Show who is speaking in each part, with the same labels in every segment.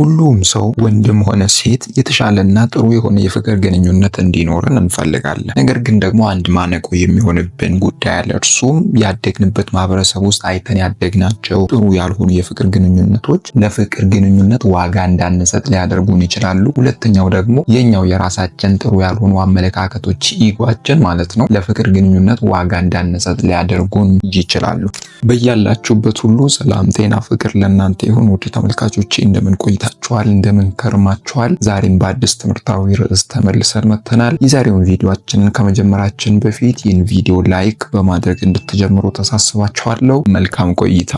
Speaker 1: ሁሉም ሰው ወንድም ሆነ ሴት የተሻለና ጥሩ የሆነ የፍቅር ግንኙነት እንዲኖረን እንፈልጋለን። ነገር ግን ደግሞ አንድ ማነቆ የሚሆንብን ጉዳይ አለ። እርሱም ያደግንበት ማህበረሰብ ውስጥ አይተን ያደግናቸው ጥሩ ያልሆኑ የፍቅር ግንኙነቶች ለፍቅር ግንኙነት ዋጋ እንዳንሰጥ ሊያደርጉን ይችላሉ። ሁለተኛው ደግሞ የኛው የራሳችን ጥሩ ያልሆኑ አመለካከቶች ኢጓችን ማለት ነው ለፍቅር ግንኙነት ዋጋ እንዳንሰጥ ሊያደርጉን ይችላሉ። በያላችሁበት ሁሉ ሰላም፣ ጤና፣ ፍቅር ለእናንተ ይሁን። ውድ ተመልካቾቼ እንደምን ቆይታ ቆይታችኋል? እንደምን ከርማችኋል? ዛሬም በአዲስ ትምህርታዊ ርዕስ ተመልሰን መጥተናል። የዛሬውን ቪዲዮችንን ከመጀመራችን በፊት ይህን ቪዲዮ ላይክ በማድረግ እንድትጀምሩ ተሳስባችኋለሁ። መልካም ቆይታ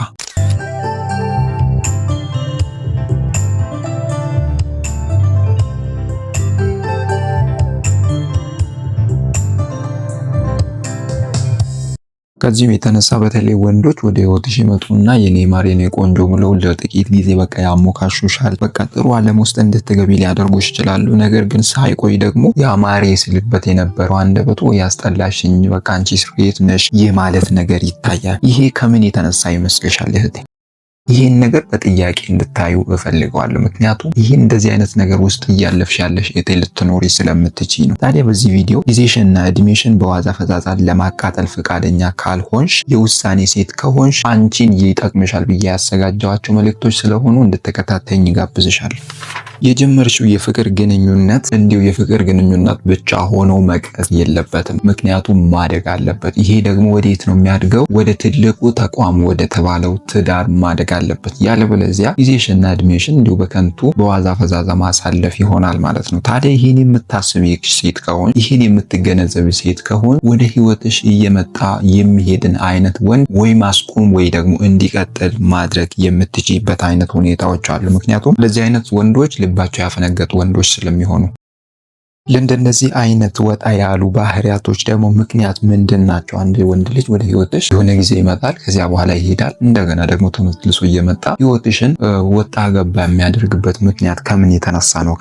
Speaker 1: ከዚህም የተነሳ በተለይ ወንዶች ወደ ህይወትሽ ይመጡና የኔማር የኔ ቆንጆ ብለው ለጥቂት ጊዜ በቃ ያሞካሹሻል። በቃ ጥሩ ዓለም ውስጥ እንድትገቢ ሊያደርጉሽ ይችላሉ። ነገር ግን ሳይቆይ ደግሞ ያ ስልበት የነበረው አንደበቱ ያስጠላሽኝ፣ በቃ አንቺ ስሬት ነሽ፣ ይህ ማለት ነገር ይታያል። ይሄ ከምን የተነሳ ይመስልሻል እህቴ? ይህን ነገር በጥያቄ እንድታዩ እፈልገዋለሁ። ምክንያቱም ይህ እንደዚህ አይነት ነገር ውስጥ እያለፍሽ ያለሽ እቴ ልትኖሪ ስለምትችይ ነው። ታዲያ በዚህ ቪዲዮ ጊዜሽንና እድሜሽን በዋዛ ፈዛዛን ለማቃጠል ፈቃደኛ ካልሆንሽ፣ የውሳኔ ሴት ከሆንሽ አንቺን ይጠቅምሻል ብዬ ያዘጋጀኋቸው መልእክቶች ስለሆኑ እንድትከታተኝ ይጋብዝሻል። የጀመርሽው የፍቅር ግንኙነት እንዲሁ የፍቅር ግንኙነት ብቻ ሆኖ መቅረት የለበትም። ምክንያቱም ማደግ አለበት። ይሄ ደግሞ ወዴት ነው የሚያድገው? ወደ ትልቁ ተቋም ወደ ተባለው ትዳር ማደግ አለበት። ያለበለዚያ ጊዜሽና እድሜሽን እንዲሁ በከንቱ በዋዛ ፈዛዛ ማሳለፍ ይሆናል ማለት ነው። ታዲያ ይህን የምታስብ ሴት ከሆን ይህን የምትገነዘብ ሴት ከሆን ወደ ህይወትሽ እየመጣ የሚሄድን አይነት ወንድ ወይ ማስቆም ወይ ደግሞ እንዲቀጥል ማድረግ የምትችይበት አይነት ሁኔታዎች አሉ። ምክንያቱም ለዚህ አይነት ወንዶች ከልባቸው ያፈነገጡ ወንዶች ስለሚሆኑ ለእንደነዚህ አይነት ወጣ ያሉ ባህሪያቶች ደግሞ ምክንያት ምንድን ናቸው? አንድ ወንድ ልጅ ወደ ህይወትሽ የሆነ ጊዜ ይመጣል፣ ከዚያ በኋላ ይሄዳል። እንደገና ደግሞ ተመልሶ እየመጣ ህይወትሽን ወጣ ገባ የሚያደርግበት ምክንያት ከምን የተነሳ ነው?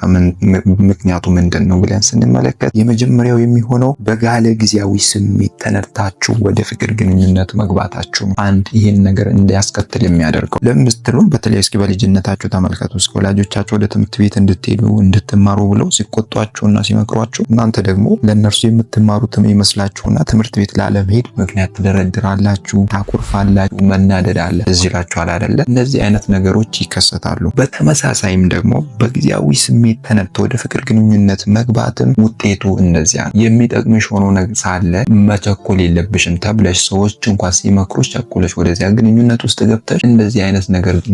Speaker 1: ምክንያቱ ምንድን ነው ብለን ስንመለከት የመጀመሪያው የሚሆነው በጋለ ጊዜያዊ ስሜት ተነድታችሁ ወደ ፍቅር ግንኙነት መግባታችሁ አንድ ይህን ነገር እንዲያስከትል የሚያደርገው ለምትሉ በተለይ እስኪ በልጅነታችሁ ተመልከቱ። እስኪ ወላጆቻችሁ ወደ ትምህርት ቤት እንድትሄዱ እንድትማሩ ብለው ሲቆጧችሁና ሲመክሯችሁ እናንተ ደግሞ ለእነርሱ የምትማሩትም ይመስላችሁና ትምህርት ቤት ላለመሄድ ምክንያት ትደረድራላችሁ፣ ታኩርፋላችሁ፣ መናደድ አለ እዚላችኋል አይደለ? እነዚህ አይነት ነገሮች ይከሰታሉ። በተመሳሳይም ደግሞ በጊዜያዊ ስሜት ተነድቶ ወደ ፍቅር ግንኙነት መግባትም ውጤቱ እነዚያ የሚጠቅምሽ ሆኖ ሳለ መቸኮል የለብሽም ተብለሽ ሰዎች እንኳ ሲመክሮች ቸኮለሽ ወደዚያ ግንኙነት ውስጥ ገብተሽ እንደዚህ አይነት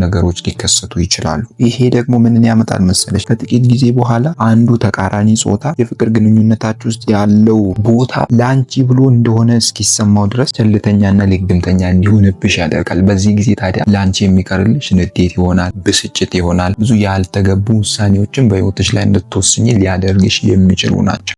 Speaker 1: ነገሮች ሊከሰቱ ይችላሉ። ይሄ ደግሞ ምንን ያመጣል መሰለሽ? ከጥቂት ጊዜ በኋላ አንዱ ተቃራኒ ጾታ ቦታ የፍቅር ግንኙነታችሁ ውስጥ ያለው ቦታ ለአንቺ ብሎ እንደሆነ እስኪሰማው ድረስ ቸልተኛና ልግምተኛ እንዲሆንብሽ ያደርጋል። በዚህ ጊዜ ታዲያ ለአንቺ የሚቀርልሽ ንዴት ይሆናል፣ ብስጭት ይሆናል። ብዙ ያልተገቡ ውሳኔዎችን በህይወትሽ ላይ እንድትወስኝ ሊያደርግሽ የሚችሉ ናቸው።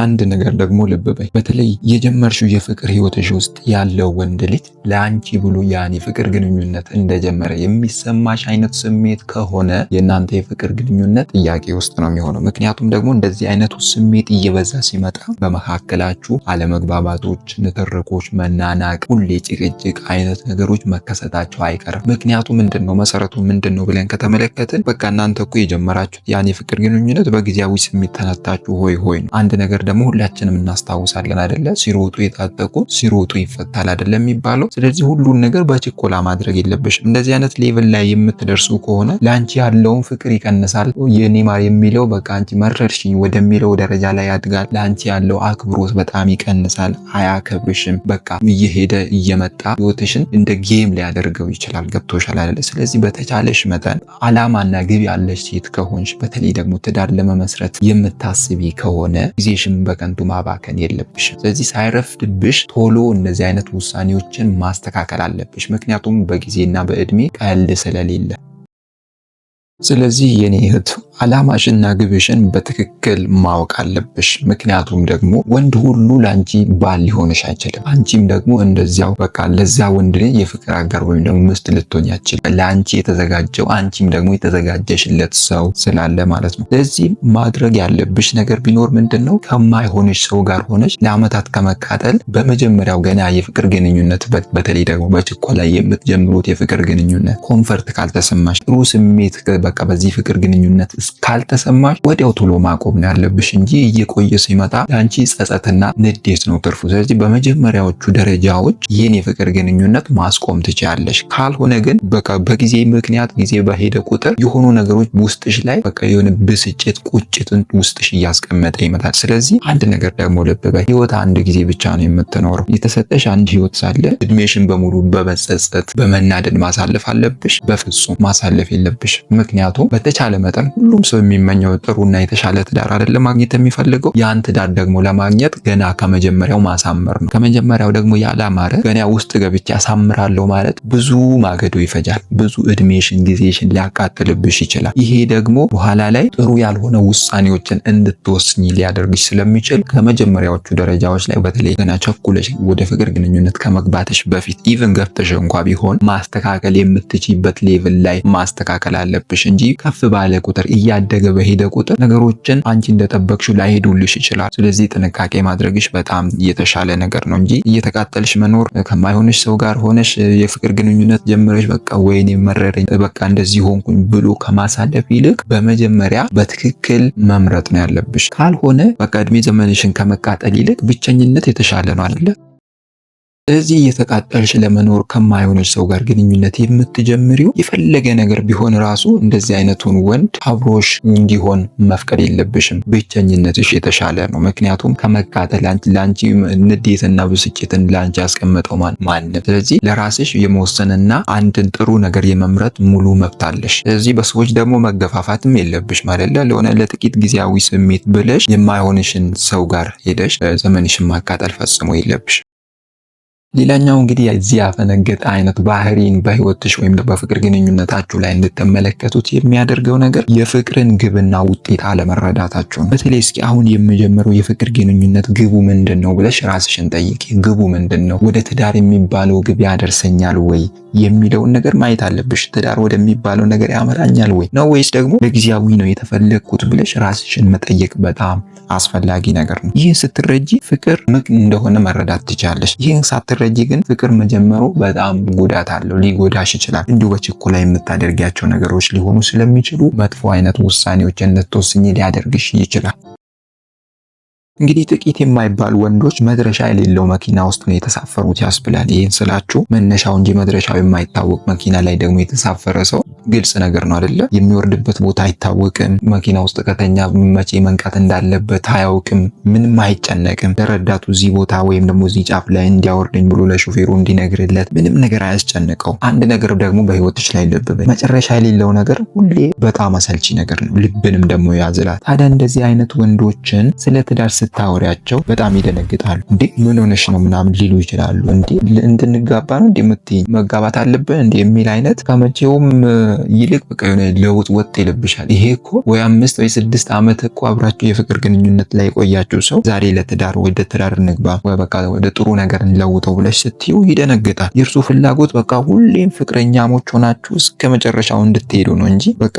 Speaker 1: አንድ ነገር ደግሞ ልብ በይ። በተለይ የጀመርሽው የፍቅር ህይወትሽ ውስጥ ያለው ወንድ ልጅ ለአንቺ ብሎ ያን የፍቅር ግንኙነት እንደጀመረ የሚሰማሽ አይነት ስሜት ከሆነ የእናንተ የፍቅር ግንኙነት ጥያቄ ውስጥ ነው የሚሆነው። ምክንያቱም ደግሞ እንደዚህ አይነቱ ስሜት እየበዛ ሲመጣ በመካከላችሁ አለመግባባቶች፣ ንትርኮች፣ መናናቅ፣ ሁሌ ጭቅጭቅ አይነት ነገሮች መከሰታቸው አይቀርም። ምክንያቱ ምንድን ነው? መሰረቱ ምንድን ነው ብለን ከተመለከትን በቃ እናንተ እኮ የጀመራችሁት ያን የፍቅር ግንኙነት በጊዜያዊ ስሜት ተነታችሁ ሆይ ሆይ ነው አንድ ነገር ነገር ደግሞ ሁላችንም እናስታውሳለን አደለ? ሲሮጡ የታጠቁት ሲሮጡ ይፈታል አደለ የሚባለው። ስለዚህ ሁሉን ነገር በችኮላ ማድረግ የለብሽም። እንደዚህ አይነት ሌቭል ላይ የምትደርሱ ከሆነ ለአንቺ ያለውን ፍቅር ይቀንሳል። የኔማር የሚለው በቃ አንቺ መረድሽኝ ወደሚለው ደረጃ ላይ ያድጋል። ለአንቺ ያለው አክብሮት በጣም ይቀንሳል። አያከብርሽም። በቃ እየሄደ እየመጣ ህይወትሽን እንደ ጌም ሊያደርገው ይችላል። ገብቶሻል አደለ? ስለዚህ በተቻለሽ መጠን አላማና ግብ ያለሽ ሴት ከሆንሽ በተለይ ደግሞ ትዳር ለመመስረት የምታስቢ ከሆነ ጊዜሽ ጊዜሽን በከንቱ ማባከን የለብሽም። ስለዚህ ሳይረፍድብሽ ቶሎ እነዚህ አይነት ውሳኔዎችን ማስተካከል አለብሽ። ምክንያቱም በጊዜና በእድሜ ቀልድ ስለሌለ ስለዚህ የኔ እህት አላማሽና ግብሽን በትክክል ማወቅ አለብሽ። ምክንያቱም ደግሞ ወንድ ሁሉ ለአንቺ ባል ሊሆንሽ አይችልም። አንቺም ደግሞ እንደዚያው በቃ ለዚያ ወንድ ላይ የፍቅር አጋር ወይም ደግሞ ምስት ልትሆኝ አይችልም። ለአንቺ የተዘጋጀው አንቺም ደግሞ የተዘጋጀሽለት ሰው ስላለ ማለት ነው። ስለዚህ ማድረግ ያለብሽ ነገር ቢኖር ምንድን ነው ከማይሆንሽ ሰው ጋር ሆነች ለዓመታት ከመቃጠል በመጀመሪያው ገና የፍቅር ግንኙነት በተለይ ደግሞ በችኮላ የምትጀምሩት የፍቅር ግንኙነት ኮንፈርት ካልተሰማሽ ጥሩ ስሜት በቃ በዚህ ፍቅር ግንኙነት ካልተሰማሽ ወዲያው ቶሎ ማቆም ነው ያለብሽ እንጂ እየቆየ ሲመጣ ለአንቺ ጸጸትና ንዴት ነው ትርፉ። ስለዚህ በመጀመሪያዎቹ ደረጃዎች ይህን የፍቅር ግንኙነት ማስቆም ትችላለሽ። ካልሆነ ግን በቃ በጊዜ ምክንያት ጊዜ በሄደ ቁጥር የሆኑ ነገሮች ውስጥሽ ላይ በቃ የሆነ ብስጭት፣ ቁጭትን ውስጥሽ እያስቀመጠ ይመጣል። ስለዚህ አንድ ነገር ደግሞ ልብ በይ፣ ህይወት አንድ ጊዜ ብቻ ነው የምትኖረው። የተሰጠሽ አንድ ህይወት ሳለ እድሜሽን በሙሉ በመጸጸት በመናደድ ማሳለፍ አለብሽ? በፍጹም ማሳለፍ የለብሽ ምክንያት ምክንያቱም በተቻለ መጠን ሁሉም ሰው የሚመኘው ጥሩና የተሻለ ትዳር አይደለም ማግኘት የሚፈልገው ያን ትዳር ደግሞ ለማግኘት ገና ከመጀመሪያው ማሳመር ነው። ከመጀመሪያው ደግሞ ያላማረ ገና ውስጥ ገብቼ አሳምራለሁ ማለት ብዙ ማገዶ ይፈጃል። ብዙ እድሜሽን፣ ጊዜሽን ሊያቃጥልብሽ ይችላል። ይሄ ደግሞ በኋላ ላይ ጥሩ ያልሆነ ውሳኔዎችን እንድትወስኝ ሊያደርግሽ ስለሚችል ከመጀመሪያዎቹ ደረጃዎች ላይ በተለይ ገና ቸኩለሽ ወደ ፍቅር ግንኙነት ከመግባትሽ በፊት ኢቨን ገብተሽ እንኳ ቢሆን ማስተካከል የምትችይበት ሌቭል ላይ ማስተካከል አለብሽ። ትችያለሽ እንጂ ከፍ ባለ ቁጥር እያደገ በሄደ ቁጥር ነገሮችን አንቺ እንደጠበቅሽው ላይሄዱልሽ ይችላል። ስለዚህ ጥንቃቄ ማድረግሽ በጣም የተሻለ ነገር ነው እንጂ እየተቃጠልሽ መኖር ከማይሆንሽ ሰው ጋር ሆነሽ የፍቅር ግንኙነት ጀምረሽ በቃ ወይኔ መረረኝ፣ በቃ እንደዚህ ሆንኩኝ ብሎ ከማሳለፍ ይልቅ በመጀመሪያ በትክክል መምረጥ ነው ያለብሽ። ካልሆነ በቃ እድሜ ዘመንሽን ከመቃጠል ይልቅ ብቸኝነት የተሻለ ነው አይደለ? እዚህ እየተቃጠልሽ ለመኖር ከማይሆንሽ ሰው ጋር ግንኙነት የምትጀምሪው የፈለገ ነገር ቢሆን ራሱ እንደዚህ አይነቱን ወንድ አብሮሽ እንዲሆን መፍቀድ የለብሽም። ብቸኝነትሽ የተሻለ ነው። ምክንያቱም ከመቃጠል ለአንቺ ንዴትና ብስጭትን ለአንቺ ያስቀመጠው ማንም። ስለዚህ ለራስሽ የመወሰንና አንድን ጥሩ ነገር የመምረጥ ሙሉ መብት አለሽ። ስለዚህ በሰዎች ደግሞ መገፋፋትም የለብሽ ማለት ለሆነ ለጥቂት ጊዜያዊ ስሜት ብለሽ የማይሆንሽን ሰው ጋር ሄደሽ ዘመንሽን ማቃጠል ፈጽሞ የለብሽ። ሌላኛው እንግዲህ እዚህ ያፈነገጠ አይነት ባህሪን በህይወትሽ ወይም በፍቅር ግንኙነታችሁ ላይ እንድትመለከቱት የሚያደርገው ነገር የፍቅርን ግብና ውጤት አለመረዳታችሁ ነው። በተለይ እስኪ አሁን የምጀምረው የፍቅር ግንኙነት ግቡ ምንድን ነው ብለሽ ራስሽን ጠይቂ። ግቡ ምንድን ነው? ወደ ትዳር የሚባለው ግብ ያደርሰኛል ወይ የሚለውን ነገር ማየት አለብሽ። ትዳር ወደሚባለው ነገር ያመራኛል ወይ ነው ወይስ ደግሞ ለጊዜያዊ ነው የተፈለግኩት ብለሽ ራስሽን መጠየቅ በጣም አስፈላጊ ነገር ነው። ይህን ስትረጂ ፍቅር ምን እንደሆነ መረዳት ትችላለሽ። ይህን ሳትር ስትረጂ ግን ፍቅር መጀመሩ በጣም ጉዳት አለው፣ ሊጎዳሽ ይችላል። እንዲሁ በችኮላ የምታደርጊያቸው ነገሮች ሊሆኑ ስለሚችሉ መጥፎ አይነት ውሳኔዎች እንድትወስኝ ሊያደርግሽ ይችላል። እንግዲህ ጥቂት የማይባሉ ወንዶች መድረሻ የሌለው መኪና ውስጥ ነው የተሳፈሩት ያስብላል። ይህን ስላችሁ መነሻው እንጂ መድረሻው የማይታወቅ መኪና ላይ ደግሞ የተሳፈረ ሰው ግልጽ ነገር ነው አይደለ? የሚወርድበት ቦታ አይታወቅም። መኪና ውስጥ ከተኛ መቼ መንቃት እንዳለበት አያውቅም። ምንም አይጨነቅም። ለረዳቱ እዚህ ቦታ ወይም ደግሞ እዚህ ጫፍ ላይ እንዲያወርደኝ ብሎ ለሹፌሩ እንዲነግርለት ምንም ነገር አያስጨንቀው። አንድ ነገር ደግሞ በህይወትሽ ላይ ልብ በይ፣ መጨረሻ የሌለው ነገር ሁሌ በጣም አሰልቺ ነገር ነው፣ ልብንም ደግሞ ያዝላል። ታዲያ እንደዚህ አይነት ወንዶችን ስለ ትዳር ስታወሪያቸው በጣም ይደነግጣሉ። እንዴ ምን ሆነሽ ነው ምናምን ሊሉ ይችላሉ። እንዴ እንድንጋባ ነው እንዴ የምትይኝ መጋባት አለብን እንዴ የሚል አይነት ከመቼውም ይልቅ በቃ የሆነ ለውጥ ወጥ ይልብሻል። ይሄ እኮ ወይ አምስት ወይ ስድስት ዓመት እኮ አብራችሁ የፍቅር ግንኙነት ላይ የቆያችሁ ሰው ዛሬ ለትዳር ወደ ትዳር እንግባ ወይ በቃ ወደ ጥሩ ነገር እንለውጠው ብለሽ ስትዩ ይደነግጣል። የእርሱ ፍላጎት በቃ ሁሌም ፍቅረኛሞች ሆናችሁ እስከ መጨረሻው እንድትሄዱ ነው እንጂ በቃ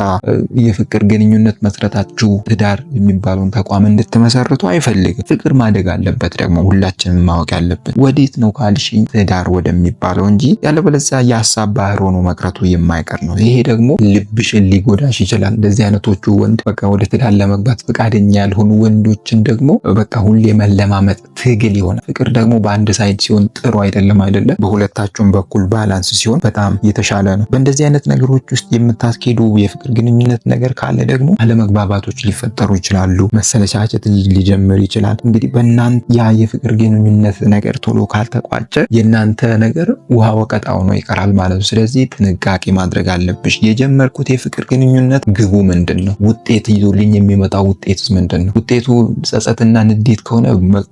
Speaker 1: የፍቅር ግንኙነት መስረታችሁ ትዳር የሚባለውን ተቋም እንድትመሰርቱ አይፈልግም። አያስፈልግም። ፍቅር ማደግ አለበት። ደግሞ ሁላችንም ማወቅ ያለብን ወዴት ነው ካልሽኝ ትዳር ወደሚባለው እንጂ ያለበለዚያ የሀሳብ ባህር ሆኖ መቅረቱ የማይቀር ነው። ይሄ ደግሞ ልብሽን ሊጎዳሽ ይችላል። እንደዚህ አይነቶቹ ወንድ በቃ ወደ ትዳር ለመግባት ፈቃደኛ ያልሆኑ ወንዶችን ደግሞ በቃ ሁሌ መለማመጥ ትግል ይሆናል። ፍቅር ደግሞ በአንድ ሳይድ ሲሆን ጥሩ አይደለም አይደለም። በሁለታችሁም በኩል ባላንስ ሲሆን በጣም የተሻለ ነው። በእንደዚህ አይነት ነገሮች ውስጥ የምታስኬዱ የፍቅር ግንኙነት ነገር ካለ ደግሞ አለመግባባቶች ሊፈጠሩ ይችላሉ። መሰለቻቸት ሊጀምር ይችላል። እንግዲህ በእናንተ ያ የፍቅር ግንኙነት ነገር ቶሎ ካልተቋጨ የእናንተ ነገር ውሃ ወቀጣ ሆኖ ይቀራል ማለት ነው። ስለዚህ ጥንቃቄ ማድረግ አለብሽ። የጀመርኩት የፍቅር ግንኙነት ግቡ ምንድን ነው? ውጤት ይዞልኝ የሚመጣው ውጤት ምንድን ነው? ውጤቱ ጸጸትና ንዴት ከሆነ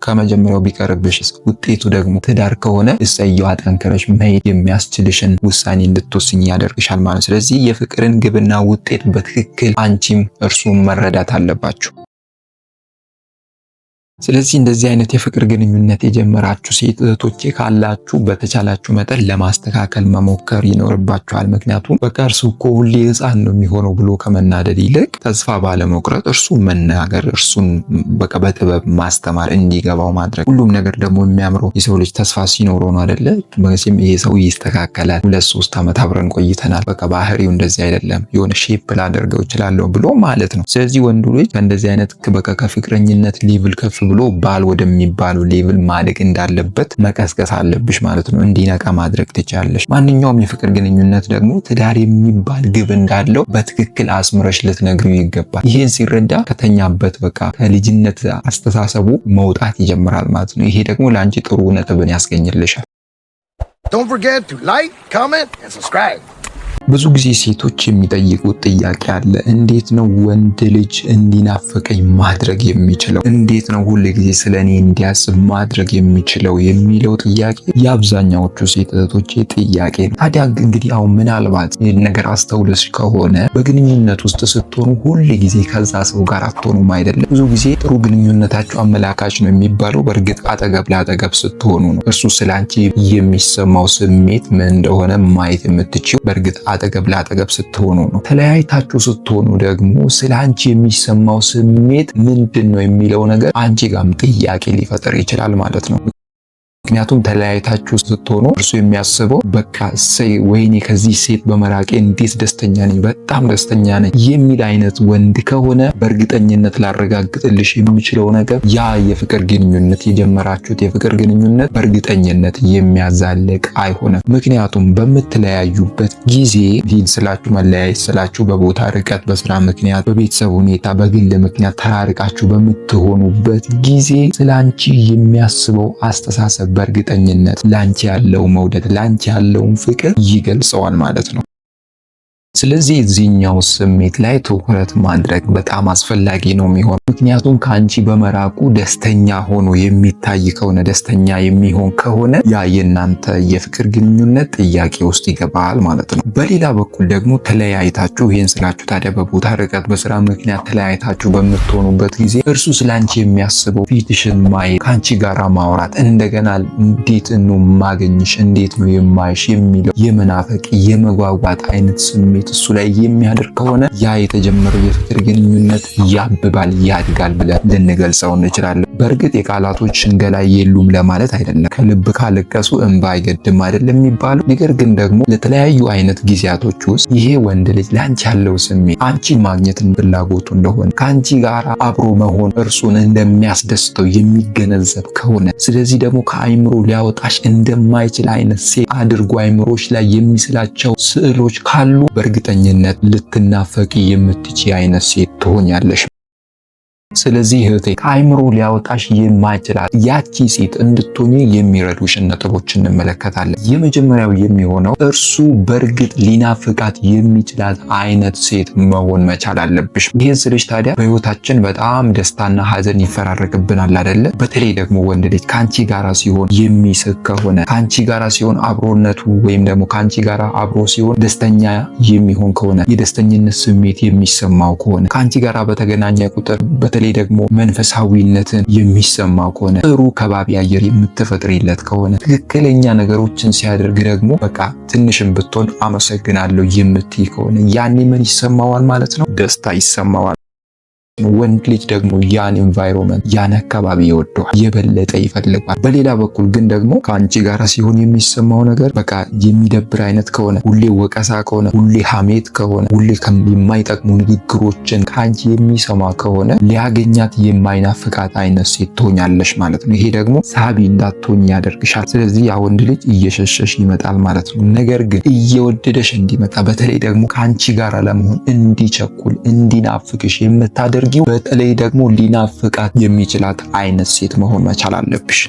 Speaker 1: ከመጀመሪያው ቢቀርብሽ ውጤቱ ደግሞ ትዳር ከሆነ እሰየው አጠንክረሽ መሄድ የሚያስችልሽን ውሳኔ እንድትወስኝ ያደርግሻል ማለት ነው። ስለዚህ የፍቅርን ግብና ውጤት በትክክል አንቺም እርሱም መረዳት አለባችሁ። ስለዚህ እንደዚህ አይነት የፍቅር ግንኙነት የጀመራችሁ ሴት እህቶቼ ካላችሁ በተቻላችሁ መጠን ለማስተካከል መሞከር ይኖርባችኋል። ምክንያቱም በቃ እርሱ እኮ ሁሌ ሕፃን ነው የሚሆነው ብሎ ከመናደድ ይልቅ ተስፋ ባለመቁረጥ እርሱ መናገር፣ እርሱን በቃ በጥበብ ማስተማር፣ እንዲገባው ማድረግ። ሁሉም ነገር ደግሞ የሚያምረው የሰው ልጅ ተስፋ ሲኖረው ነው አደለ? መቼም ይሄ ሰው ይስተካከላል፣ ሁለት ሶስት ዓመት አብረን ቆይተናል፣ በቃ ባህሪው እንደዚህ አይደለም፣ የሆነ ሼፕ ላደርገው ይችላለሁ ብሎ ማለት ነው። ስለዚህ ወንዱ ልጅ ከእንደዚህ አይነት በቃ ከፍቅረኝነት ሌቭል ከፍ ብሎ ባል ወደሚባለው ሌቭል ማደግ እንዳለበት መቀስቀስ አለብሽ ማለት ነው። እንዲነቃ ማድረግ ትቻለሽ። ማንኛውም የፍቅር ግንኙነት ደግሞ ትዳር የሚባል ግብ እንዳለው በትክክል አስምረሽ ልትነግሪው ይገባል። ይህን ሲረዳ ከተኛበት በቃ ከልጅነት አስተሳሰቡ መውጣት ይጀምራል ማለት ነው። ይሄ ደግሞ ለአንቺ ጥሩ ነጥብን ያስገኝልሻል። ብዙ ጊዜ ሴቶች የሚጠይቁት ጥያቄ አለ። እንዴት ነው ወንድ ልጅ እንዲናፍቀኝ ማድረግ የሚችለው? እንዴት ነው ሁል ጊዜ ስለ እኔ እንዲያስብ ማድረግ የሚችለው የሚለው ጥያቄ የአብዛኛዎቹ ሴት እህቶቼ ጥያቄ ነው። ታዲያ እንግዲህ አሁን ምናልባት ይህን ነገር አስተውለሽ ከሆነ በግንኙነት ውስጥ ስትሆኑ ሁል ጊዜ ከዛ ሰው ጋር አትሆኑም አይደለም? ብዙ ጊዜ ጥሩ ግንኙነታቸው አመላካች ነው የሚባለው በእርግጥ አጠገብ ለአጠገብ ስትሆኑ ነው። እርሱ ስለ አንቺ የሚሰማው ስሜት ምን እንደሆነ ማየት የምትችው በእርግጥ አጠገብ ለአጠገብ ስትሆኑ ነው። ተለያይታችሁ ስትሆኑ ደግሞ ስለ አንቺ የሚሰማው ስሜት ምንድን ነው የሚለው ነገር አንቺ ጋም ጥያቄ ሊፈጠር ይችላል ማለት ነው። ምክንያቱም ተለያይታችሁ ስትሆኑ እርሱ የሚያስበው በቃ እሰይ ወይኔ ከዚህ ሴት በመራቄ እንዴት ደስተኛ ነኝ፣ በጣም ደስተኛ ነኝ የሚል አይነት ወንድ ከሆነ በእርግጠኝነት ላረጋግጥልሽ የምችለው ነገር ያ የፍቅር ግንኙነት የጀመራችሁት የፍቅር ግንኙነት በእርግጠኝነት የሚያዛልቅ አይሆንም። ምክንያቱም በምትለያዩበት ጊዜ ሂድ ስላችሁ መለያየት ስላችሁ በቦታ ርቀት፣ በስራ ምክንያት፣ በቤተሰብ ሁኔታ፣ በግል ምክንያት ተራርቃችሁ በምትሆኑበት ጊዜ ስለ አንቺ የሚያስበው አስተሳሰብ በእርግጠኝነት ላንቺ ያለው መውደድ ላንቺ ያለውን ፍቅር ይገልጸዋል ማለት ነው። ስለዚህ እዚህኛው ስሜት ላይ ትኩረት ማድረግ በጣም አስፈላጊ ነው የሚሆን። ምክንያቱም ከአንቺ በመራቁ ደስተኛ ሆኖ የሚታይ ከሆነ ደስተኛ የሚሆን ከሆነ ያ የእናንተ የፍቅር ግንኙነት ጥያቄ ውስጥ ይገባል ማለት ነው። በሌላ በኩል ደግሞ ተለያይታችሁ፣ ይህን ስላችሁ ታዲያ በቦታ ርቀት፣ በስራ ምክንያት ተለያይታችሁ በምትሆኑበት ጊዜ እርሱ ስለ አንቺ የሚያስበው ፊትሽን ማየት፣ ከአንቺ ጋራ ማውራት፣ እንደገና እንዴት ነው ማገኝሽ፣ እንዴት ነው የማይሽ የሚለው የመናፈቅ የመጓጓት አይነት ስሜት እሱ ላይ የሚያደርግ ከሆነ ያ የተጀመረው የፍቅር ግንኙነት ያብባል፣ ያድጋል ብለን ልንገልጸው እንችላለን። በእርግጥ የቃላቶች ሽንገላ የሉም ለማለት አይደለም። ከልብ ካለቀሱ እንባ አይገድም አይደለም የሚባለው። ነገር ግን ደግሞ ለተለያዩ አይነት ጊዜያቶች ውስጥ ይሄ ወንድ ልጅ ለአንቺ ያለው ስሜት አንቺ ማግኘትን ፍላጎቱ እንደሆነ ከአንቺ ጋር አብሮ መሆን እርሱን እንደሚያስደስተው የሚገነዘብ ከሆነ ስለዚህ ደግሞ ከአይምሮ ሊያወጣሽ እንደማይችል አይነት ሴት አድርጎ አይምሮች ላይ የሚስላቸው ስዕሎች ካሉ በእርግጠኝነት ልትናፈቂ የምትች አይነት ሴት ትሆኛለሽ። ስለዚህ እህቴ ከአይምሮ ሊያወጣሽ የማይችላት ያቺ ሴት እንድትሆኚ የሚረዱሽን ነጥቦች እንመለከታለን። የመጀመሪያው የሚሆነው እርሱ በእርግጥ ሊናፍቃት የሚችላት አይነት ሴት መሆን መቻል አለብሽ። ይህን ስልሽ ታዲያ በህይወታችን በጣም ደስታና ሀዘን ይፈራረቅብናል አደለ? በተለይ ደግሞ ወንድ ልጅ ከአንቺ ጋራ ሲሆን የሚስቅ ከሆነ ከአንቺ ጋራ ሲሆን አብሮነቱ ወይም ደግሞ ከአንቺ ጋራ አብሮ ሲሆን ደስተኛ የሚሆን ከሆነ የደስተኝነት ስሜት የሚሰማው ከሆነ ከአንቺ ጋራ በተገናኘ ቁጥር በተለይ ደግሞ መንፈሳዊነትን የሚሰማ ከሆነ ጥሩ ከባቢ አየር የምትፈጥሪለት ከሆነ ትክክለኛ ነገሮችን ሲያደርግ ደግሞ በቃ ትንሽም ብትሆን አመሰግናለሁ የምትይ ከሆነ ያኔ ምን ይሰማዋል ማለት ነው? ደስታ ይሰማዋል። ወንድ ልጅ ደግሞ ያን ኢንቫይሮንመንት ያን አካባቢ ይወደዋል፣ የበለጠ ይፈልጓል። በሌላ በኩል ግን ደግሞ ከአንቺ ጋር ሲሆን የሚሰማው ነገር በቃ የሚደብር አይነት ከሆነ ሁሌ ወቀሳ ከሆነ ሁሌ ሐሜት ከሆነ ሁሌ የማይጠቅሙ ንግግሮችን ከአንቺ የሚሰማ ከሆነ ሊያገኛት የማይናፍቃት አይነት ሴት ትሆኛለሽ ማለት ነው። ይሄ ደግሞ ሳቢ እንዳትሆኝ ያደርግሻል። ስለዚህ ያ ወንድ ልጅ እየሸሸሽ ይመጣል ማለት ነው። ነገር ግን እየወደደሽ እንዲመጣ በተለይ ደግሞ ከአንቺ ጋር ለመሆን እንዲቸኩል እንዲናፍቅሽ የምታደርግ የምትፈልጊው፣ በተለይ ደግሞ ሊናፍቃት የሚችላት አይነት ሴት መሆን መቻል አለብሽ።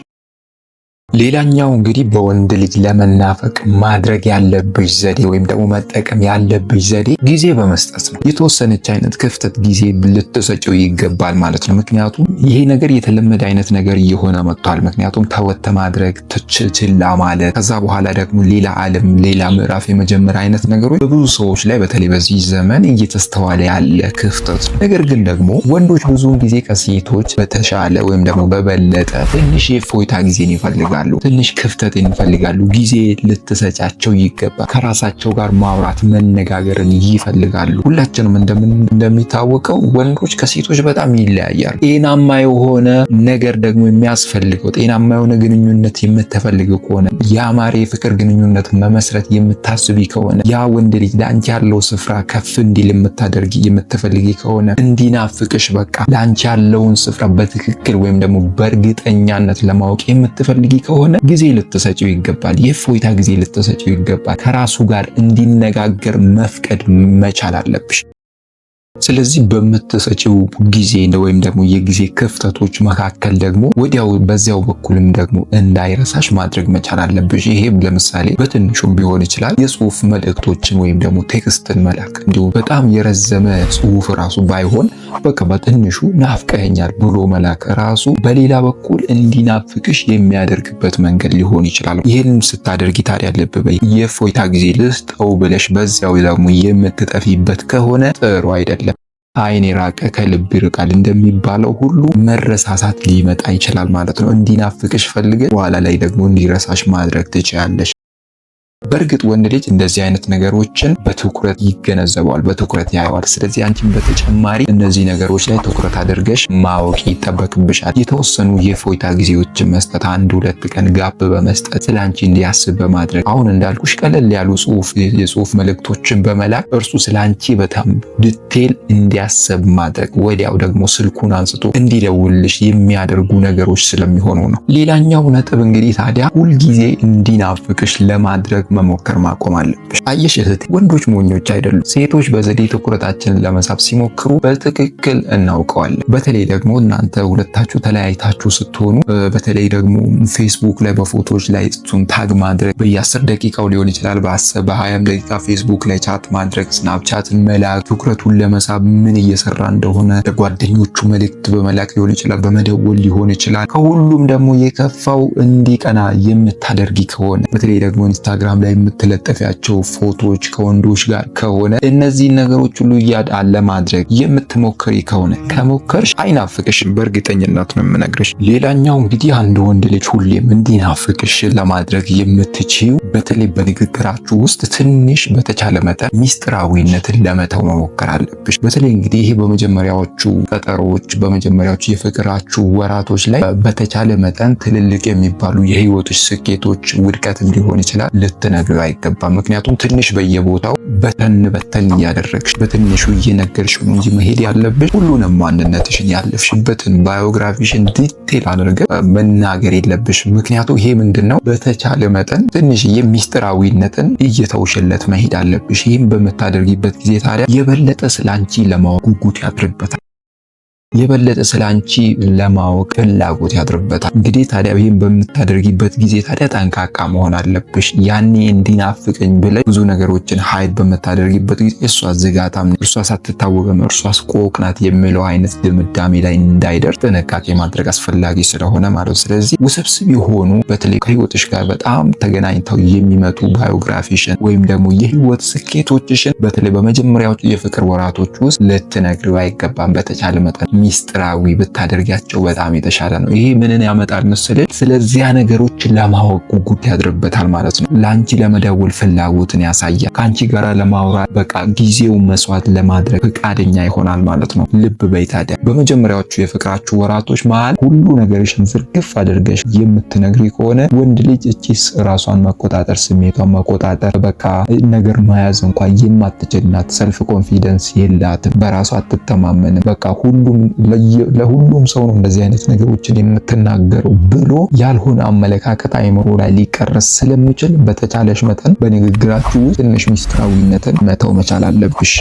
Speaker 1: ሌላኛው እንግዲህ በወንድ ልጅ ለመናፈቅ ማድረግ ያለብሽ ዘዴ ወይም ደግሞ መጠቀም ያለብሽ ዘዴ ጊዜ በመስጠት ነው። የተወሰነች አይነት ክፍተት ጊዜ ልትሰጭው ይገባል ማለት ነው። ምክንያቱም ይሄ ነገር የተለመደ አይነት ነገር እየሆነ መጥቷል። ምክንያቱም ተወተ ማድረግ ትችችላ ማለት ከዛ በኋላ ደግሞ ሌላ ዓለም ሌላ ምዕራፍ የመጀመር አይነት ነገሮች በብዙ ሰዎች ላይ በተለይ በዚህ ዘመን እየተስተዋለ ያለ ክፍተት ነው። ነገር ግን ደግሞ ወንዶች ብዙውን ጊዜ ከሴቶች በተሻለ ወይም ደግሞ በበለጠ ትንሽ የፎይታ ጊዜን ይፈልጋል። ይፈልጋሉ፣ ትንሽ ክፍተትን ይፈልጋሉ። ጊዜ ልትሰጫቸው ይገባል። ከራሳቸው ጋር ማውራት መነጋገርን ይፈልጋሉ። ሁላችንም እንደሚታወቀው ወንዶች ከሴቶች በጣም ይለያያሉ። ጤናማ የሆነ ነገር ደግሞ የሚያስፈልገው ጤናማ የሆነ ግንኙነት የምትፈልገው ከሆነ ያማረ የፍቅር ግንኙነት መመስረት የምታስቢ ከሆነ ያ ወንድ ልጅ ለአንቺ ያለው ስፍራ ከፍ እንዲል የምታደርጊ የምትፈልጊ ከሆነ እንዲናፍቅሽ በቃ ለአንቺ ያለውን ስፍራ በትክክል ወይም ደግሞ በእርግጠኛነት ለማወቅ የምትፈልጊ ከሆነ ጊዜ ልትሰጪው ይገባል። የእፎይታ ጊዜ ልትሰጪው ይገባል። ከራሱ ጋር እንዲነጋገር መፍቀድ መቻል አለብሽ። ስለዚህ በምትሰጪው ጊዜ ወይም ደግሞ የጊዜ ክፍተቶች መካከል ደግሞ ወዲያው በዚያው በኩልም ደግሞ እንዳይረሳሽ ማድረግ መቻል አለብሽ። ይሄ ለምሳሌ በትንሹም ቢሆን ይችላል የጽሁፍ መልእክቶችን ወይም ደግሞ ቴክስትን መላክ፣ እንዲሁም በጣም የረዘመ ጽሁፍ ራሱ ባይሆን በቃ በትንሹ ናፍቀኛል ብሎ መላክ ራሱ በሌላ በኩል እንዲናፍቅሽ የሚያደርግበት መንገድ ሊሆን ይችላል። ይህንም ስታደርጊ ታዲያ ልብ በይ የፎይታ ጊዜ ልስጠው ብለሽ በዚያው ደግሞ የምትጠፊበት ከሆነ ጥሩ አይደለም። አይን የራቀ ከልብ ይርቃል እንደሚባለው ሁሉ መረሳሳት ሊመጣ ይችላል ማለት ነው። እንዲናፍቅሽ ፈልገ በኋላ ላይ ደግሞ እንዲረሳሽ ማድረግ ትችላለሽ። በእርግጥ ወንድ ልጅ እንደዚህ አይነት ነገሮችን በትኩረት ይገነዘበዋል፣ በትኩረት ያየዋል። ስለዚህ አንቺም በተጨማሪ እነዚህ ነገሮች ላይ ትኩረት አድርገሽ ማወቅ ይጠበቅብሻል። የተወሰኑ የፎይታ ጊዜዎችን መስጠት፣ አንድ ሁለት ቀን ጋፕ በመስጠት ስለ አንቺ እንዲያስብ በማድረግ አሁን እንዳልኩሽ ቀለል ያሉ ጽሁፍ የጽሁፍ መልእክቶችን በመላክ እርሱ ስለ አንቺ በጣም ዲቴል እንዲያስብ ማድረግ፣ ወዲያው ደግሞ ስልኩን አንስቶ እንዲደውልሽ የሚያደርጉ ነገሮች ስለሚሆኑ ነው። ሌላኛው ነጥብ እንግዲህ ታዲያ ሁልጊዜ እንዲናፍቅሽ ለማድረግ መሞከር ማቆም አለብሽ። አየሽ እህት፣ ወንዶች ሞኞች አይደሉም። ሴቶች በዘዴ ትኩረታችንን ለመሳብ ሲሞክሩ በትክክል እናውቀዋለን። በተለይ ደግሞ እናንተ ሁለታችሁ ተለያይታችሁ ስትሆኑ፣ በተለይ ደግሞ ፌስቡክ ላይ በፎቶዎች ላይ እሱን ታግ ማድረግ በየአስር ደቂቃው ሊሆን ይችላል በ በሀያም ደቂቃ ፌስቡክ ላይ ቻት ማድረግ ስናፕቻትን መላክ ትኩረቱን ለመሳብ ምን እየሰራ እንደሆነ ለጓደኞቹ መልእክት በመላክ ሊሆን ይችላል፣ በመደወል ሊሆን ይችላል። ከሁሉም ደግሞ የከፋው እንዲቀና የምታደርጊ ከሆነ በተለይ ደግሞ ኢንስታግራም ላይ የምትለጠፊያቸው ፎቶዎች ከወንዶች ጋር ከሆነ እነዚህ ነገሮች ሁሉ እያዳን ለማድረግ የምትሞክሪ ከሆነ ከሞከርሽ አይናፍቅሽም፣ በእርግጠኝነት ነው የምነግርሽ። ሌላኛው እንግዲህ አንድ ወንድ ልጅ ሁሌም እንዲናፍቅሽ ለማድረግ የምትችው በተለይ በንግግራችሁ ውስጥ ትንሽ በተቻለ መጠን ሚስጥራዊነትን ለመተው መሞከር አለብሽ። በተለይ እንግዲህ ይሄ በመጀመሪያዎቹ ቀጠሮዎች፣ በመጀመሪያዎቹ የፍቅራችሁ ወራቶች ላይ በተቻለ መጠን ትልልቅ የሚባሉ የህይወቶች ስኬቶች ውድቀትም ሊሆን ይችላል ልት ልትነግሪው አይገባም። ምክንያቱም ትንሽ በየቦታው በተን በተን እያደረግሽ በትንሹ እየነገርሽ ነው እንጂ መሄድ ያለብሽ ሁሉንም ማንነትሽን ያለፍሽበትን ባዮግራፊሽን ዲቴል አድርገ መናገር የለብሽ። ምክንያቱም ይሄ ምንድን ነው በተቻለ መጠን ትንሽዬ ሚስጥራዊነትን እየተውሽለት መሄድ አለብሽ። ይህም በምታደርጊበት ጊዜ ታዲያ የበለጠ ስለ አንቺ ለማወቅ ጉጉት ያድርበታል። የበለጠ ስለ አንቺ ለማወቅ ፍላጎት ያድርበታል። እንግዲህ ታዲያ ይህን በምታደርጊበት ጊዜ ታዲያ ጠንቃቃ መሆን አለብሽ። ያኔ እንዲናፍቀኝ ብለሽ ብዙ ነገሮችን ሀይድ በምታደርጊበት ጊዜ እሷ ዝጋታም፣ እርሷ ሳትታወቀም፣ እርሷ ቆቅ ናት የሚለው አይነት ድምዳሜ ላይ እንዳይደርስ ጥንቃቄ ማድረግ አስፈላጊ ስለሆነ ማለት ስለዚህ ውስብስብ የሆኑ በተለይ ከህይወትሽ ጋር በጣም ተገናኝተው የሚመጡ ባዮግራፊሽን ወይም ደግሞ የህይወት ስኬቶችሽን በተለይ በመጀመሪያዎቹ የፍቅር ወራቶች ውስጥ ልትነግሪው አይገባም በተቻለ መጠን ሚስጥራዊ ብታደርጋቸው በጣም የተሻለ ነው። ይሄ ምንን ያመጣል መሰለህ? ስለዚያ ነገሮች ለማወቅ ጉጉት ያድርበታል ማለት ነው። ለአንቺ ለመደወል ፍላጎትን ያሳያል። ከአንቺ ጋራ ለማውራት በቃ ጊዜው መስዋዕት ለማድረግ ፈቃደኛ ይሆናል ማለት ነው። ልብ በይ ታዲያ በመጀመሪያዎቹ የፍቅራችሁ ወራቶች መሃል ሁሉ ነገርሽን ዝርግፍ አድርገሽ የምትነግሪ ከሆነ ወንድ ልጅ እቺስ ራሷን መቆጣጠር ስሜቷን መቆጣጠር በቃ ነገር መያዝ እንኳን የማትችልናት ሰልፍ ኮንፊደንስ የላትም። በራሷ አትተማመንም። በቃ ሁሉም ለሁሉም ሰው ነው እንደዚህ አይነት ነገሮችን የምትናገረው ብሎ ያልሆነ አመለካከት አይምሮ ላይ ሊቀረስ ስለሚችል በተቻለሽ መጠን በንግግራችሁ ትንሽ ሚስጥራዊነትን መተው መቻል አለብሽ።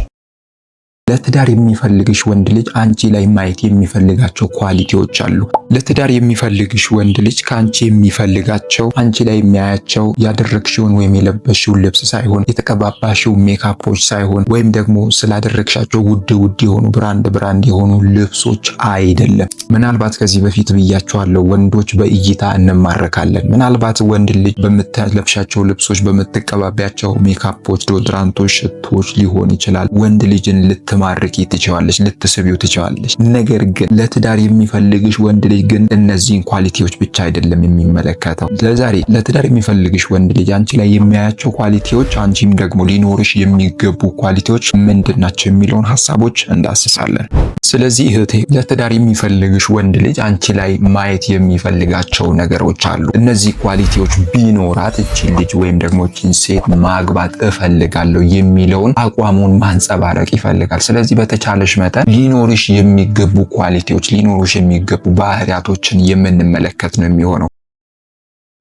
Speaker 1: ለትዳር የሚፈልግሽ ወንድ ልጅ አንቺ ላይ ማየት የሚፈልጋቸው ኳሊቲዎች አሉ። ለትዳር የሚፈልግሽ ወንድ ልጅ ከአንቺ የሚፈልጋቸው አንቺ ላይ የሚያያቸው ያደረግሽውን ወይም የለበስሽውን ልብስ ሳይሆን የተቀባባሽው ሜካፖች ሳይሆን ወይም ደግሞ ስላደረግሻቸው ውድ ውድ የሆኑ ብራንድ ብራንድ የሆኑ ልብሶች አይደለም። ምናልባት ከዚህ በፊት ብያችኋለሁ፣ ወንዶች በእይታ እንማረካለን። ምናልባት ወንድ ልጅ በምትለብሻቸው ልብሶች፣ በምትቀባቢያቸው ሜካፖች፣ ዶድራንቶች፣ ሽቶች ሊሆን ይችላል ወንድ ልጅን ልት ልትማርኪ ትችዋለሽ፣ ልትስቢው ትችዋለሽ። ነገር ግን ለትዳር የሚፈልግሽ ወንድ ልጅ ግን እነዚህን ኳሊቲዎች ብቻ አይደለም የሚመለከተው። ለዛሬ ለትዳር የሚፈልግሽ ወንድ ልጅ አንቺ ላይ የሚያያቸው ኳሊቲዎች፣ አንቺም ደግሞ ሊኖርሽ የሚገቡ ኳሊቲዎች ምንድን ናቸው የሚለውን ሀሳቦች እንዳስሳለን። ስለዚህ እህቴ ለትዳር የሚፈልግሽ ወንድ ልጅ አንቺ ላይ ማየት የሚፈልጋቸው ነገሮች አሉ። እነዚህ ኳሊቲዎች ቢኖራት እችን ልጅ ወይም ደግሞ እችን ሴት ማግባት እፈልጋለሁ የሚለውን አቋሙን ማንጸባረቅ ይፈልጋል። ስለዚህ በተቻለሽ መጠን ሊኖርሽ የሚገቡ ኳሊቲዎች ሊኖርሽ የሚገቡ ባህሪያቶችን የምንመለከት ነው የሚሆነው።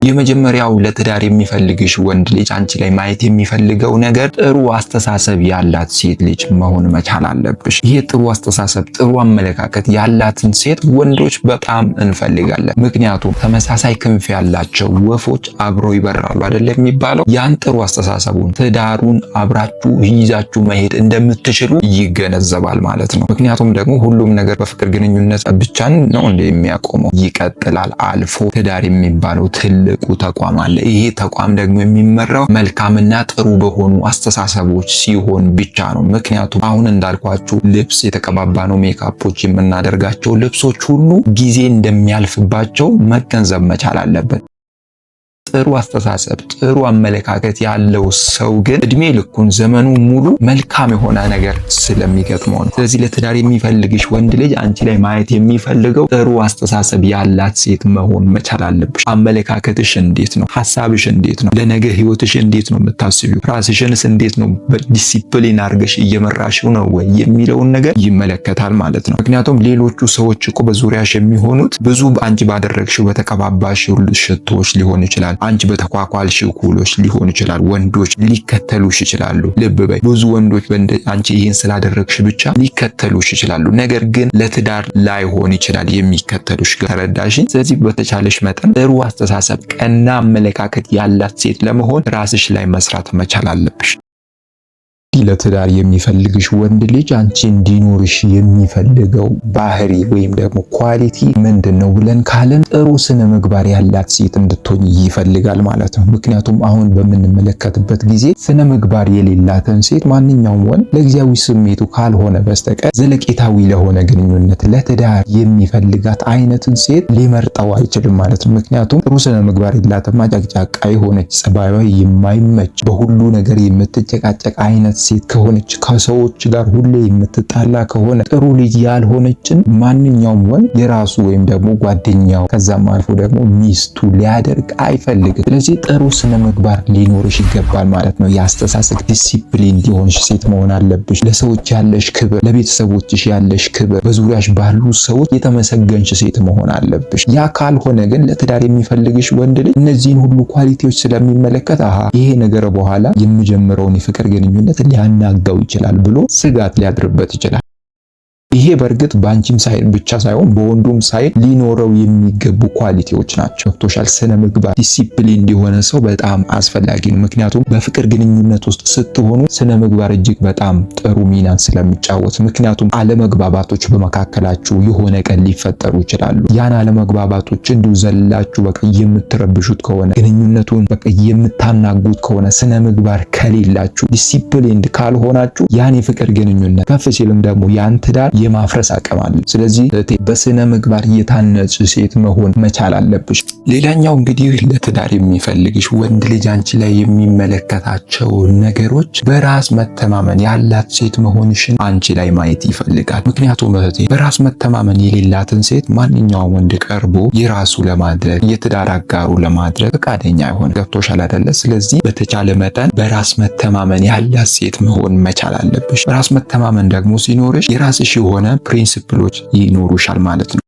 Speaker 1: የመጀመሪያው ለትዳር የሚፈልግሽ ወንድ ልጅ አንቺ ላይ ማየት የሚፈልገው ነገር ጥሩ አስተሳሰብ ያላት ሴት ልጅ መሆን መቻል አለብሽ። ይሄ ጥሩ አስተሳሰብ፣ ጥሩ አመለካከት ያላትን ሴት ወንዶች በጣም እንፈልጋለን። ምክንያቱም ተመሳሳይ ክንፍ ያላቸው ወፎች አብረው ይበራሉ አይደል የሚባለው። ያን ጥሩ አስተሳሰቡን ትዳሩን አብራችሁ ይዛችሁ መሄድ እንደምትችሉ ይገነዘባል ማለት ነው። ምክንያቱም ደግሞ ሁሉም ነገር በፍቅር ግንኙነት ብቻን ነው እንደ የሚያቆመው ይቀጥላል። አልፎ ትዳር የሚባለው ትል ትልቁ ተቋም አለ። ይሄ ተቋም ደግሞ የሚመራው መልካምና ጥሩ በሆኑ አስተሳሰቦች ሲሆን ብቻ ነው። ምክንያቱም አሁን እንዳልኳችሁ ልብስ የተቀባባ ነው፣ ሜካፖች የምናደርጋቸው ልብሶች ሁሉ ጊዜ እንደሚያልፍባቸው መገንዘብ መቻል አለብን። ጥሩ አስተሳሰብ፣ ጥሩ አመለካከት ያለው ሰው ግን እድሜ ልኩን ዘመኑ ሙሉ መልካም የሆነ ነገር ስለሚገጥመው ነው። ስለዚህ ለትዳር የሚፈልግሽ ወንድ ልጅ አንቺ ላይ ማየት የሚፈልገው ጥሩ አስተሳሰብ ያላት ሴት መሆን መቻል አለብሽ። አመለካከትሽ እንዴት ነው? ሀሳብሽ እንዴት ነው? ለነገ ህይወትሽ እንዴት ነው የምታስቢው? ራስሽንስ እንዴት ነው በዲሲፕሊን አድርገሽ እየመራሽው ነው ወይ የሚለውን ነገር ይመለከታል ማለት ነው። ምክንያቱም ሌሎቹ ሰዎች እኮ በዙሪያሽ የሚሆኑት ብዙ አንቺ ባደረግሽው በተቀባባሽ ሽቶዎች ሊሆን ይችላል አንቺ በተኳኳልሽው ኩሎች ሊሆን ይችላል። ወንዶች ሊከተሉሽ ይችላሉ። ልብ በይ፣ ብዙ ወንዶች አንቺ ይህን ስላደረግሽ ብቻ ሊከተሉሽ ይችላሉ። ነገር ግን ለትዳር ላይሆን ይችላል የሚከተሉሽ። ተረዳሽን? ስለዚህ በተቻለሽ መጠን ጥሩ አስተሳሰብ፣ ቀና አመለካከት ያላት ሴት ለመሆን ራስሽ ላይ መስራት መቻል አለብሽ። ለትዳር የሚፈልግሽ ወንድ ልጅ አንቺ እንዲኖርሽ የሚፈልገው ባህሪ ወይም ደግሞ ኳሊቲ ምንድን ነው ብለን ካለን ጥሩ ስነ ምግባር ያላት ሴት እንድትሆኝ ይፈልጋል ማለት ነው። ምክንያቱም አሁን በምንመለከትበት ጊዜ ስነ ምግባር የሌላትን ሴት ማንኛውም ወንድ ለጊዜያዊ ስሜቱ ካልሆነ በስተቀር ዘለቄታዊ ለሆነ ግንኙነት ለትዳር የሚፈልጋት አይነትን ሴት ሊመርጠው አይችልም ማለት ነው። ምክንያቱም ጥሩ ስነ ምግባር የላትም፣ አጫቅጫቃ የሆነች ጸባዩ የማይመች በሁሉ ነገር የምትጨቃጨቅ አይነት ሴት ከሆነች ከሰዎች ጋር ሁሌ የምትጣላ ከሆነ ጥሩ ልጅ ያልሆነችን ማንኛውም ወንድ የራሱ ወይም ደግሞ ጓደኛው ከዛም አልፎ ደግሞ ሚስቱ ሊያደርግ አይፈልግም። ስለዚህ ጥሩ ስነ ምግባር ሊኖርሽ ይገባል ማለት ነው። የአስተሳሰብ ዲሲፕሊን ሊሆንሽ ሴት መሆን አለብሽ። ለሰዎች ያለሽ ክብር፣ ለቤተሰቦችሽ ያለሽ ክብር፣ በዙሪያሽ ባሉ ሰዎች የተመሰገንሽ ሴት መሆን አለብሽ። ያ ካልሆነ ግን ለትዳር የሚፈልግሽ ወንድ ልጅ እነዚህን ሁሉ ኳሊቲዎች ስለሚመለከት አሃ ይሄ ነገር በኋላ የምጀምረውን የፍቅር ግንኙነት ሊያናጋው ይችላል ብሎ ስጋት ሊያድርበት ይችላል። ይሄ በእርግጥ በአንቺም ሳይድ ብቻ ሳይሆን በወንዱም ሳይድ ሊኖረው የሚገቡ ኳሊቲዎች ናቸው። ገብቶሻል? ስነ ምግባር፣ ዲሲፕሊን የሆነ ሰው በጣም አስፈላጊ ነው። ምክንያቱም በፍቅር ግንኙነት ውስጥ ስትሆኑ ስነ ምግባር እጅግ በጣም ጥሩ ሚናን ስለሚጫወት፣ ምክንያቱም አለመግባባቶች በመካከላችሁ የሆነ ቀን ሊፈጠሩ ይችላሉ። ያን አለመግባባቶች እንዲሁ ዘላችሁ በቃ የምትረብሹት ከሆነ ግንኙነቱን በቃ የምታናጉት ከሆነ ስነ ምግባር ከሌላችሁ፣ ዲሲፕሊንድ ካልሆናችሁ ያን የፍቅር ግንኙነት ከፍ ሲልም ደግሞ ያን ትዳር የማፍረስ አቅም አለ። ስለዚህ በስነ ምግባር የታነጽ ሴት መሆን መቻል አለብሽ። ሌላኛው እንግዲህ ለትዳር የሚፈልግሽ ወንድ ልጅ አንቺ ላይ የሚመለከታቸው ነገሮች በራስ መተማመን ያላት ሴት መሆንሽን አንቺ ላይ ማየት ይፈልጋል። ምክንያቱም እህቴ በራስ መተማመን የሌላትን ሴት ማንኛውም ወንድ ቀርቦ የራሱ ለማድረግ የትዳር አጋሩ ለማድረግ ፈቃደኛ አይሆን። ገብቶሻል አይደለ? ስለዚህ በተቻለ መጠን በራስ መተማመን ያላት ሴት መሆን መቻል አለብሽ። በራስ መተማመን ደግሞ ሲኖርሽ የራስሽ የሆነ ፕሪንስፕሎች ይኖሩሻል ማለት ነው።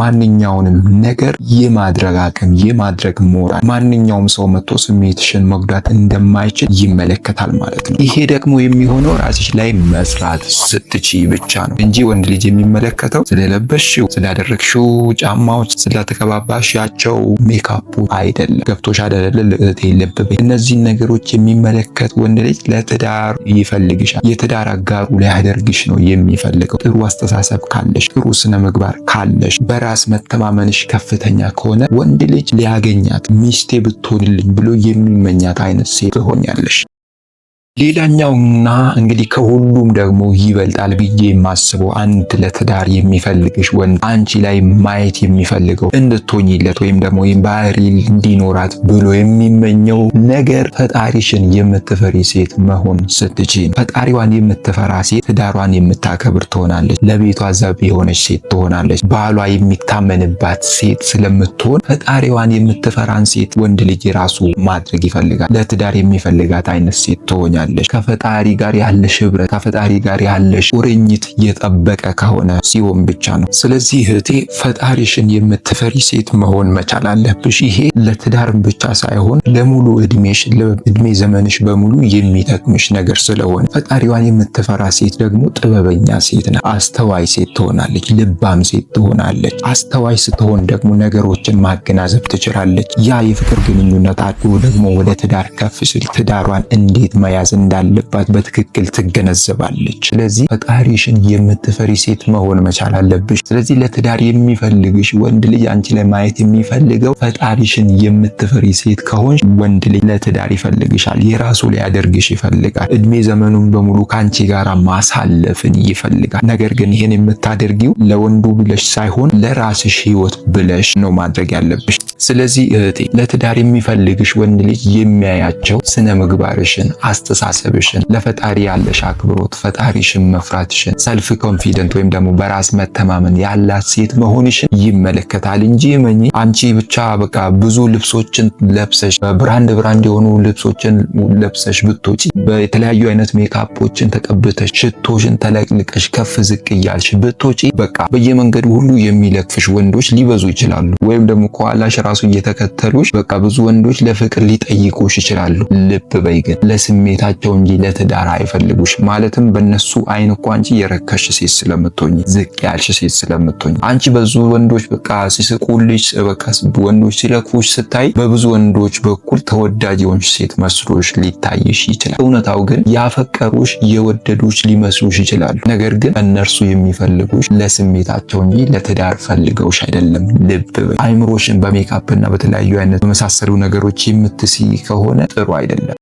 Speaker 1: ማንኛውንም ነገር የማድረግ አቅም የማድረግ ሞራል ማንኛውም ሰው መጥቶ ስሜትሽን መጉዳት እንደማይችል ይመለከታል ማለት ነው። ይሄ ደግሞ የሚሆነው ራስሽ ላይ መስራት ስትቺ ብቻ ነው እንጂ ወንድ ልጅ የሚመለከተው ስለለበስሽው፣ ስላደረግሽው ጫማዎች፣ ስለተቀባባሻቸው ሜካፑ አይደለም። ገብቶሽ አደለለ ልእት የለበበኝ እነዚህን ነገሮች የሚመለከት ወንድ ልጅ ለትዳር ይፈልግሻል። የትዳር አጋሩ ሊያደርግሽ ነው የሚፈልገው። ጥሩ አስተሳሰብ ካለሽ፣ ጥሩ ስነ ምግባር ካለሽ በራስ መተማመንሽ ከፍተኛ ከሆነ ወንድ ልጅ ሊያገኛት ሚስቴ ብትሆንልኝ ብሎ የሚመኛት አይነት ሴት ትሆኛለሽ። ሌላኛውና እንግዲህ ከሁሉም ደግሞ ይበልጣል ብዬ የማስበው አንድ ለትዳር የሚፈልግሽ ወንድ አንቺ ላይ ማየት የሚፈልገው እንድትሆኝለት ወይም ደግሞ ወይም ባህሪ እንዲኖራት ብሎ የሚመኘው ነገር ፈጣሪሽን የምትፈሪ ሴት መሆን ስትች ፈጣሪዋን የምትፈራ ሴት ትዳሯን የምታከብር ትሆናለች። ለቤቷ ዘብ የሆነች ሴት ትሆናለች። ባሏ የሚታመንባት ሴት ስለምትሆን ፈጣሪዋን የምትፈራን ሴት ወንድ ልጅ ራሱ ማድረግ ይፈልጋል። ለትዳር የሚፈልጋት አይነት ሴት ትሆኛል። ትሆኛለሽ። ከፈጣሪ ጋር ያለሽ ህብረት፣ ከፈጣሪ ጋር ያለሽ ቁርኝት የጠበቀ ከሆነ ሲሆን ብቻ ነው። ስለዚህ እህቴ ፈጣሪሽን የምትፈሪ ሴት መሆን መቻል አለብሽ። ይሄ ለትዳር ብቻ ሳይሆን ለሙሉ እድሜሽ ለእድሜ ዘመንሽ በሙሉ የሚጠቅምሽ ነገር ስለሆነ ፈጣሪዋን የምትፈራ ሴት ደግሞ ጥበበኛ ሴት ነ አስተዋይ ሴት ትሆናለች። ልባም ሴት ትሆናለች። አስተዋይ ስትሆን ደግሞ ነገሮችን ማገናዘብ ትችላለች። ያ የፍቅር ግንኙነት አድጎ ደግሞ ወደ ትዳር ከፍ ሲል ትዳሯን እንዴት መያዝ እንዳለባት በትክክል ትገነዘባለች። ስለዚህ ፈጣሪሽን የምትፈሪ ሴት መሆን መቻል አለብሽ። ስለዚህ ለትዳር የሚፈልግሽ ወንድ ልጅ አንቺ ላይ ማየት የሚፈልገው ፈጣሪሽን የምትፈሪ ሴት ከሆንሽ ወንድ ልጅ ለትዳር ይፈልግሻል። የራሱ ሊያደርግሽ ይፈልጋል። እድሜ ዘመኑን በሙሉ ከአንቺ ጋር ማሳለፍን ይፈልጋል። ነገር ግን ይህን የምታደርጊው ለወንዱ ብለሽ ሳይሆን ለራስሽ ህይወት ብለሽ ነው ማድረግ ያለብሽ። ስለዚህ እህቴ ለትዳር የሚፈልግሽ ወንድ ልጅ የሚያያቸው ስነ ምግባርሽን፣ አስተሳ አስተሳሰብሽን፣ ለፈጣሪ ያለሽ አክብሮት፣ ፈጣሪሽን መፍራትሽን፣ ሰልፍ ኮንፊደንት ወይም ደግሞ በራስ መተማመን ያላት ሴት መሆንሽን ይመለከታል እንጂ መኝ አንቺ ብቻ በቃ ብዙ ልብሶችን ለብሰሽ ብራንድ ብራንድ የሆኑ ልብሶችን ለብሰሽ ብትወጪ በተለያዩ አይነት ሜካፖችን ተቀብተሽ ሽቶሽን ተለቅልቀሽ ከፍ ዝቅ እያልሽ ብትወጪ በቃ በየመንገዱ ሁሉ የሚለክፍሽ ወንዶች ሊበዙ ይችላሉ። ወይም ደግሞ ከኋላሽ ራሱ እየተከተሉሽ በቃ ብዙ ወንዶች ለፍቅር ሊጠይቁሽ ይችላሉ። ልብ በይ ግን ለስሜታ ለራሳቸው እንጂ ለትዳር አይፈልጉሽ። ማለትም በነሱ አይን እኮ አንቺ የረከሽ ሴት ስለምትሆኝ፣ ዝቅ ያልሽ ሴት ስለምትሆኝ አንቺ በዙ ወንዶች በቃ ሲስቁልሽ፣ በቃ ወንዶች ሲለክፉሽ ስታይ በብዙ ወንዶች በኩል ተወዳጅ የሆንሽ ሴት መስሎሽ ሊታይሽ ይችላል። እውነታው ግን ያፈቀሩሽ የወደዱሽ ሊመስሉሽ ይችላሉ። ነገር ግን እነርሱ የሚፈልጉሽ ለስሜታቸው እንጂ ለትዳር ፈልገውሽ አይደለም። ልብ አይምሮሽን በሜካፕ እና በተለያዩ አይነት በመሳሰሉ ነገሮች የምትስይ ከሆነ ጥሩ አይደለም።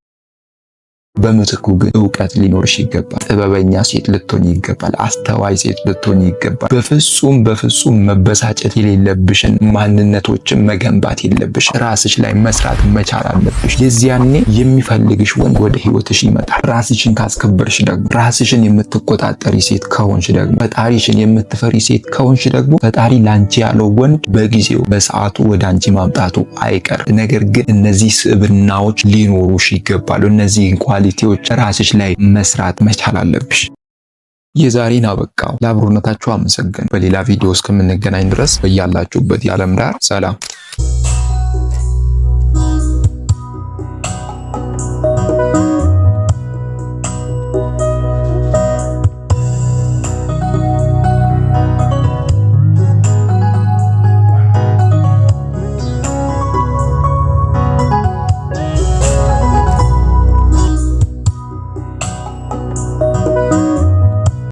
Speaker 1: በምትኩ ግን እውቀት ሊኖርሽ ይገባል። ጥበበኛ ሴት ልትሆኝ ይገባል። አስተዋይ ሴት ልትሆኝ ይገባል። በፍጹም በፍጹም መበሳጨት የሌለብሽን ማንነቶችን መገንባት የለብሽ። ራስሽ ላይ መስራት መቻል አለብሽ። የዚያኔ የሚፈልግሽ ወንድ ወደ ህይወትሽ ይመጣል። ራስሽን ካስከበርሽ ደግሞ፣ ራስሽን የምትቆጣጠሪ ሴት ከሆንሽ ደግሞ፣ ፈጣሪሽን የምትፈሪ ሴት ከሆንሽ ደግሞ ፈጣሪ ላንቺ ያለው ወንድ በጊዜው በሰዓቱ ወደ አንቺ ማምጣቱ አይቀር። ነገር ግን እነዚህ ስብዕናዎች ሊኖሩሽ ይገባሉ። እነዚህ እንኳን ሞዳሊቲዎች ራስሽ ላይ መስራት መቻል አለብሽ። የዛሬን አበቃው። ለአብሮነታችሁ አመሰግን። በሌላ ቪዲዮ እስከምንገናኝ ድረስ በያላችሁበት የዓለም ዳር ሰላም